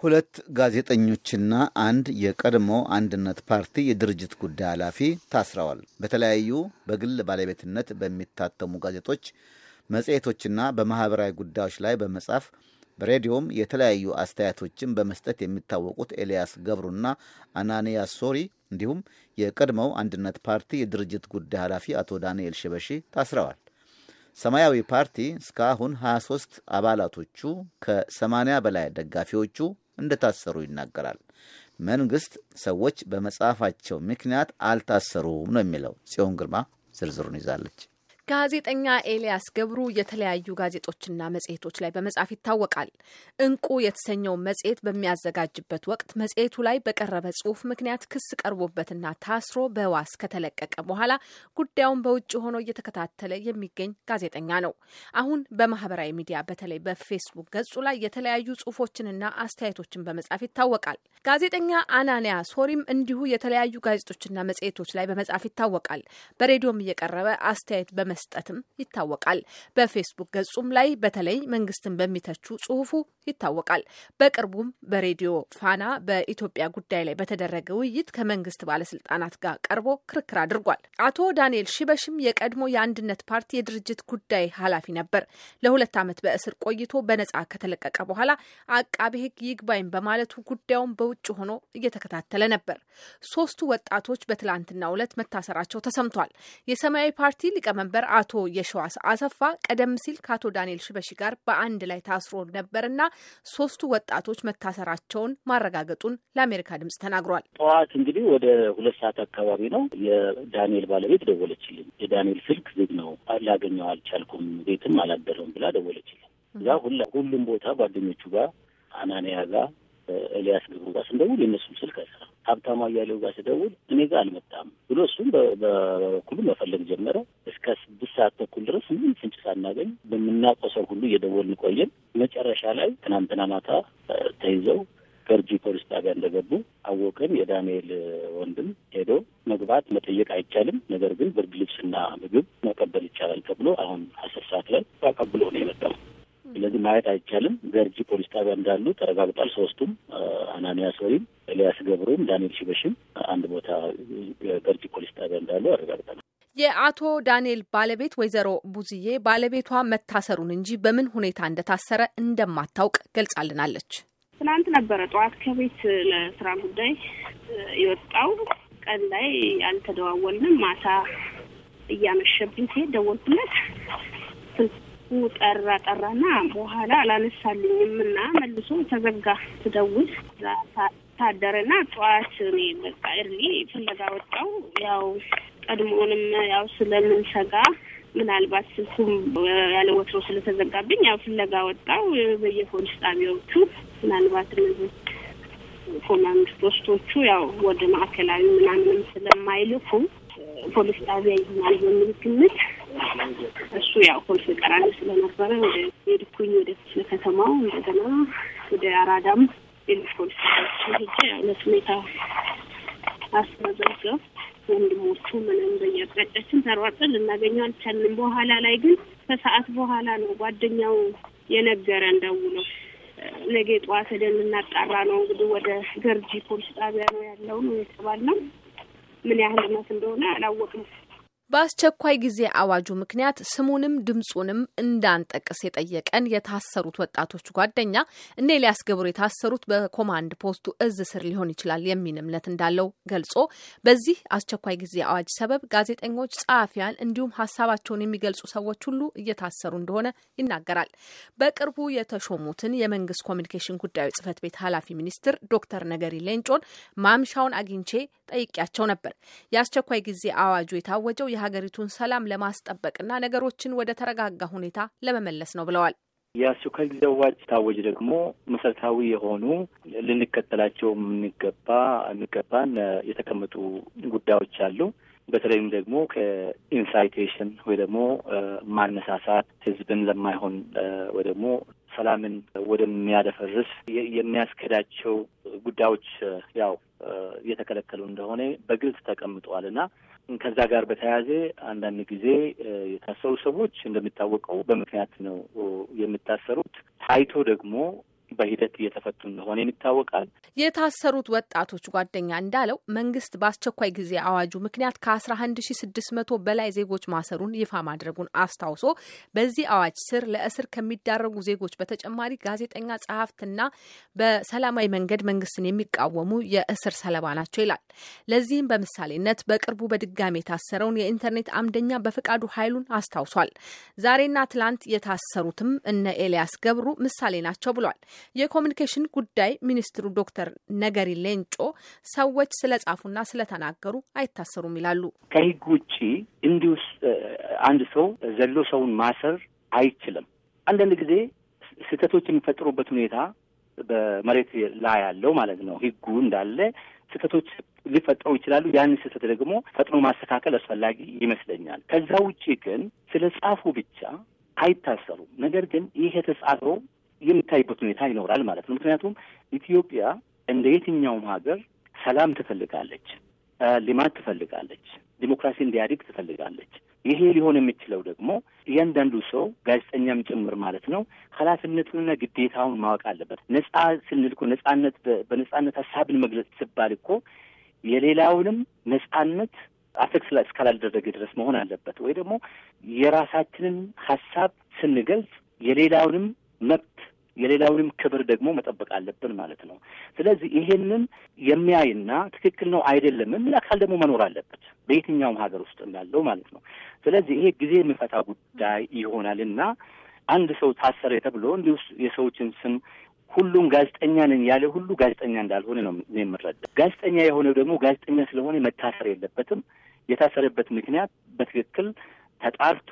ሁለት ጋዜጠኞችና አንድ የቀድሞ አንድነት ፓርቲ የድርጅት ጉዳይ ኃላፊ ታስረዋል። በተለያዩ በግል ባለቤትነት በሚታተሙ ጋዜጦች፣ መጽሔቶችና በማኅበራዊ ጉዳዮች ላይ በመጻፍ በሬዲዮም የተለያዩ አስተያየቶችን በመስጠት የሚታወቁት ኤልያስ ገብሩና አናንያ ሶሪ እንዲሁም የቀድሞው አንድነት ፓርቲ የድርጅት ጉዳይ ኃላፊ አቶ ዳንኤል ሽበሺ ታስረዋል። ሰማያዊ ፓርቲ እስካሁን 23 አባላቶቹ ከ80 በላይ ደጋፊዎቹ እንደታሰሩ ይናገራል። መንግስት ሰዎች በመጽሐፋቸው ምክንያት አልታሰሩም ነው የሚለው። ጽዮን ግርማ ዝርዝሩን ይዛለች። ጋዜጠኛ ኤልያስ ገብሩ የተለያዩ ጋዜጦችና መጽሔቶች ላይ በመጻፍ ይታወቃል። እንቁ የተሰኘው መጽሔት በሚያዘጋጅበት ወቅት መጽሔቱ ላይ በቀረበ ጽሁፍ ምክንያት ክስ ቀርቦበትና ታስሮ በዋስ ከተለቀቀ በኋላ ጉዳዩን በውጭ ሆኖ እየተከታተለ የሚገኝ ጋዜጠኛ ነው። አሁን በማህበራዊ ሚዲያ በተለይ በፌስቡክ ገጹ ላይ የተለያዩ ጽሁፎችንና አስተያየቶችን በመጻፍ ይታወቃል። ጋዜጠኛ አናንያ ሶሪም እንዲሁ የተለያዩ ጋዜጦችና መጽሔቶች ላይ በመጻፍ ይታወቃል። በሬዲዮም እየቀረበ አስተያየት በመ በመስጠትም ይታወቃል። በፌስቡክ ገጹም ላይ በተለይ መንግስትን በሚተቹ ጽሁፉ ይታወቃል። በቅርቡም በሬዲዮ ፋና በኢትዮጵያ ጉዳይ ላይ በተደረገ ውይይት ከመንግስት ባለስልጣናት ጋር ቀርቦ ክርክር አድርጓል። አቶ ዳንኤል ሽበሽም የቀድሞ የአንድነት ፓርቲ የድርጅት ጉዳይ ኃላፊ ነበር። ለሁለት ዓመት በእስር ቆይቶ በነጻ ከተለቀቀ በኋላ አቃቤ ሕግ ይግባኝ በማለቱ ጉዳዩን በውጭ ሆኖ እየተከታተለ ነበር። ሶስቱ ወጣቶች በትላንትናው ዕለት መታሰራቸው ተሰምቷል። የሰማያዊ ፓርቲ ሊቀመንበር አቶ የሸዋስ አሰፋ ቀደም ሲል ከአቶ ዳንኤል ሽበሺ ጋር በአንድ ላይ ታስሮ ነበርና ሶስቱ ወጣቶች መታሰራቸውን ማረጋገጡን ለአሜሪካ ድምጽ ተናግሯል። ጠዋት እንግዲህ ወደ ሁለት ሰዓት አካባቢ ነው የዳንኤል ባለቤት ደወለችልኝ። የዳንኤል ስልክ ዝግ ነው ላገኘው አልቻልኩም፣ ቤትም አላደረውም ብላ ደወለችልኝ። እዛ ሁሉም ቦታ ጓደኞቹ ጋር አናንያ ጋር ኤልያስ ገብሩ ጋር ስንደውል የእነሱም ስልክ አይሰራም። ሀብታሙ አያሌው ጋር ስደውል እኔ ጋር አልመጣም ብሎ እሱም በበኩሉ መፈለግ ጀመረ። እስከ ስድስት ሰዓት ተኩል ድረስ ምንም ፍንጭ ሳናገኝ በምናውቀው ሰው ሁሉ እየደወልን ቆየን። መጨረሻ ላይ ትናንትና ማታ ተይዘው ገርጂ ፖሊስ ጣቢያ እንደገቡ አወቅን። የዳንኤል ወንድም ሄዶ መግባት መጠየቅ አይቻልም፣ ነገር ግን ብርድ ልብስና ምግብ መቀበል ይቻላል ተብሎ አሁን አስር ሰዓት ላይ ተቀብሎ ነው የመጣው። ስለዚህ ማየት አይቻልም። ገርጂ ፖሊስ ጣቢያ እንዳሉ ተረጋግጧል። ሶስቱም አናንያስ ወሪም፣ ኤልያስ ገብሩም፣ ዳንኤል ሽበሽም አንድ ቦታ ገርጂ ፖሊስ ጣቢያ እንዳሉ አረጋግጠናል። የአቶ ዳንኤል ባለቤት ወይዘሮ ቡዝዬ ባለቤቷ መታሰሩን እንጂ በምን ሁኔታ እንደታሰረ እንደማታውቅ ገልጻልናለች። ትናንት ነበረ ጠዋት ከቤት ለስራ ጉዳይ የወጣው ቀን ላይ አልተደዋወልንም። ማታ እያመሸብኝ ሲሄድ ደወልኩለት ጠራ ጠራና በኋላ አላነሳልኝም እና መልሶ ተዘጋ። ትደውል ታደረና ጠዋት እኔ በቃ እርሊ ፍለጋ ወጣው። ያው ቀድሞውንም ያው ስለምንሰጋ ምናልባት ስልኩም ያለ ወትሮ ስለተዘጋብኝ ያው ፍለጋ ወጣው። በየፖሊስ ጣቢያዎቹ ምናልባት ኮማንድ ፖስቶቹ ያው ወደ ማዕከላዊ ምናምንም ስለማይልኩ ፖሊስ ጣቢያ ይሆናል በሚል ግምት እሱ ያው ኮልፌ ቀራኒ ስለነበረ ወደ ሄድኩኝ ወደ ክፍለ ከተማው እንደገና ወደ አራዳም ሌሎች ፖሊስ ሄጄ አይነት ሁኔታ አስመዘገብ ወንድሞቹ ምንም በየአቅጣጫችን ተሯርጠን ልናገኘው አልቻልንም። በኋላ ላይ ግን ከሰዓት በኋላ ነው ጓደኛው የነገረን ደውሎ ነገ ጠዋት ሄደን እናጣራ ነው እንግዲህ ወደ ገርጂ ፖሊስ ጣቢያ ነው ያለው ነው የተባልነው። ምን ያህል እውነት እንደሆነ አላወቅም። በአስቸኳይ ጊዜ አዋጁ ምክንያት ስሙንም ድምፁንም እንዳንጠቅስ የጠየቀን የታሰሩት ወጣቶች ጓደኛ እኔልያስ ገብሩ የታሰሩት በኮማንድ ፖስቱ እዝ ስር ሊሆን ይችላል የሚል እምነት እንዳለው ገልጾ በዚህ አስቸኳይ ጊዜ አዋጅ ሰበብ ጋዜጠኞች፣ ጸሐፊያን እንዲሁም ሀሳባቸውን የሚገልጹ ሰዎች ሁሉ እየታሰሩ እንደሆነ ይናገራል። በቅርቡ የተሾሙትን የመንግስት ኮሚኒኬሽን ጉዳዮች ጽህፈት ቤት ኃላፊ ሚኒስትር ዶክተር ነገሪ ሌንጮን ማምሻውን አግኝቼ ጠይቄያቸው ነበር። የአስቸኳይ ጊዜ አዋጁ የታወጀው የሀገሪቱን ሰላም ለማስጠበቅና ነገሮችን ወደ ተረጋጋ ሁኔታ ለመመለስ ነው ብለዋል። የአስቸኳይ ጊዜ አዋጅ ታወጅ ደግሞ መሰረታዊ የሆኑ ልንከተላቸው የምንገባ የሚገባን የተቀመጡ ጉዳዮች አሉ። በተለይም ደግሞ ከኢንሳይቴሽን ወይ ደግሞ ማነሳሳት ህዝብን ለማይሆን ወይ ደግሞ ሰላምን ወደሚያደፈርስ የሚያስከዳቸው ጉዳዮች ያው እየተከለከሉ እንደሆነ በግልጽ ተቀምጠዋል እና ከዛ ጋር በተያያዘ አንዳንድ ጊዜ የታሰሩ ሰዎች እንደሚታወቀው በምክንያት ነው የሚታሰሩት። ታይቶ ደግሞ በሂደት እየተፈቱ እንደሆነ ይታወቃል። የታሰሩት ወጣቶች ጓደኛ እንዳለው መንግስት በአስቸኳይ ጊዜ አዋጁ ምክንያት ከ11600 በላይ ዜጎች ማሰሩን ይፋ ማድረጉን አስታውሶ በዚህ አዋጅ ስር ለእስር ከሚዳረጉ ዜጎች በተጨማሪ ጋዜጠኛ፣ ጸሐፍትና በሰላማዊ መንገድ መንግስትን የሚቃወሙ የእስር ሰለባ ናቸው ይላል። ለዚህም በምሳሌነት በቅርቡ በድጋሚ የታሰረውን የኢንተርኔት አምደኛ በፈቃዱ ኃይሉን አስታውሷል። ዛሬና ትላንት የታሰሩትም እነ ኤልያስ ገብሩ ምሳሌ ናቸው ብሏል። የኮሚኒኬሽን ጉዳይ ሚኒስትሩ ዶክተር ነገሪ ሌንጮ ሰዎች ስለጻፉና ስለተናገሩ አይታሰሩም ይላሉ። ከህግ ውጪ እንዲሁ አንድ ሰው ዘሎ ሰውን ማሰር አይችልም። አንዳንድ ጊዜ ስህተቶች የሚፈጥሩበት ሁኔታ በመሬት ላይ ያለው ማለት ነው። ህጉ እንዳለ ስህተቶች ሊፈጥሩ ይችላሉ። ያንን ስህተት ደግሞ ፈጥኖ ማስተካከል አስፈላጊ ይመስለኛል። ከዛ ውጪ ግን ስለ ጻፉ ብቻ አይታሰሩም። ነገር ግን ይህ የተጻፈው የሚታይበት ሁኔታ ይኖራል ማለት ነው። ምክንያቱም ኢትዮጵያ እንደ የትኛውም ሀገር ሰላም ትፈልጋለች፣ ልማት ትፈልጋለች፣ ዲሞክራሲ እንዲያድግ ትፈልጋለች። ይሄ ሊሆን የሚችለው ደግሞ እያንዳንዱ ሰው ጋዜጠኛም ጭምር ማለት ነው ኃላፊነቱንና ግዴታውን ማወቅ አለበት። ነጻ ስንል እኮ ነጻነት በነጻነት ሀሳብን መግለጽ ሲባል እኮ የሌላውንም ነጻነት አፌክት እስካላልደረገ ድረስ መሆን አለበት። ወይ ደግሞ የራሳችንን ሀሳብ ስንገልጽ የሌላውንም መብት የሌላውንም ክብር ደግሞ መጠበቅ አለብን ማለት ነው። ስለዚህ ይሄንን የሚያይና ትክክል ነው አይደለም የሚል አካል ደግሞ መኖር አለበት በየትኛውም ሀገር ውስጥ እንዳለው ማለት ነው። ስለዚህ ይሄ ጊዜ የሚፈታ ጉዳይ ይሆናል እና አንድ ሰው ታሰረ ተብሎ እንዲሁ የሰዎችን ስም ሁሉም ጋዜጠኛ ነኝ ያለ ሁሉ ጋዜጠኛ እንዳልሆነ ነው የምረዳ። ጋዜጠኛ የሆነው ደግሞ ጋዜጠኛ ስለሆነ መታሰር የለበትም። የታሰረበት ምክንያት በትክክል ተጣርቶ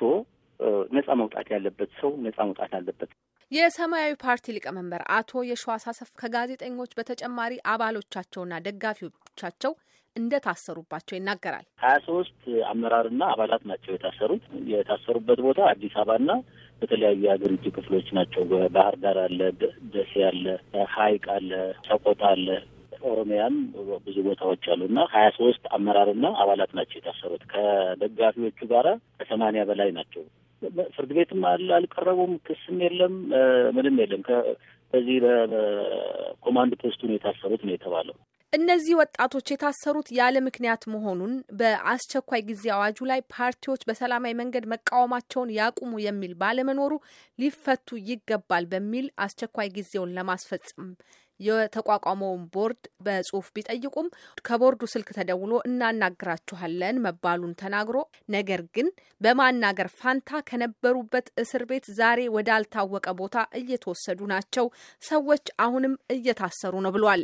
ነጻ መውጣት ያለበት ሰው ነጻ መውጣት አለበት። የሰማያዊ ፓርቲ ሊቀመንበር አቶ የሸዋስ አሰፋ ከጋዜጠኞች በተጨማሪ አባሎቻቸውና ደጋፊዎቻቸው እንደታሰሩባቸው ይናገራል። ሀያ ሶስት አመራርና አባላት ናቸው የታሰሩት። የታሰሩበት ቦታ አዲስ አበባና በተለያዩ የሀገሪቱ ክፍሎች ናቸው። ባህር ዳር አለ፣ ደሴ አለ፣ ሀይቅ አለ፣ ሰቆጣ አለ፣ ኦሮሚያም ብዙ ቦታዎች አሉ እና ሀያ ሶስት አመራርና አባላት ናቸው የታሰሩት ከደጋፊዎቹ ጋራ ከሰማንያ በላይ ናቸው። ፍርድ ቤትም አልቀረቡም። ክስም የለም፣ ምንም የለም። በዚህ በኮማንድ ፖስቱ ነው የታሰሩት ነው የተባለው። እነዚህ ወጣቶች የታሰሩት ያለ ምክንያት መሆኑን በአስቸኳይ ጊዜ አዋጁ ላይ ፓርቲዎች በሰላማዊ መንገድ መቃወማቸውን ያቁሙ የሚል ባለመኖሩ ሊፈቱ ይገባል በሚል አስቸኳይ ጊዜውን ለማስፈጸም የተቋቋመውን ቦርድ በጽሁፍ ቢጠይቁም ከቦርዱ ስልክ ተደውሎ እናናግራችኋለን መባሉን ተናግሮ ነገር ግን በማናገር ፋንታ ከነበሩበት እስር ቤት ዛሬ ወዳልታወቀ ቦታ እየተወሰዱ ናቸው። ሰዎች አሁንም እየታሰሩ ነው ብሏል።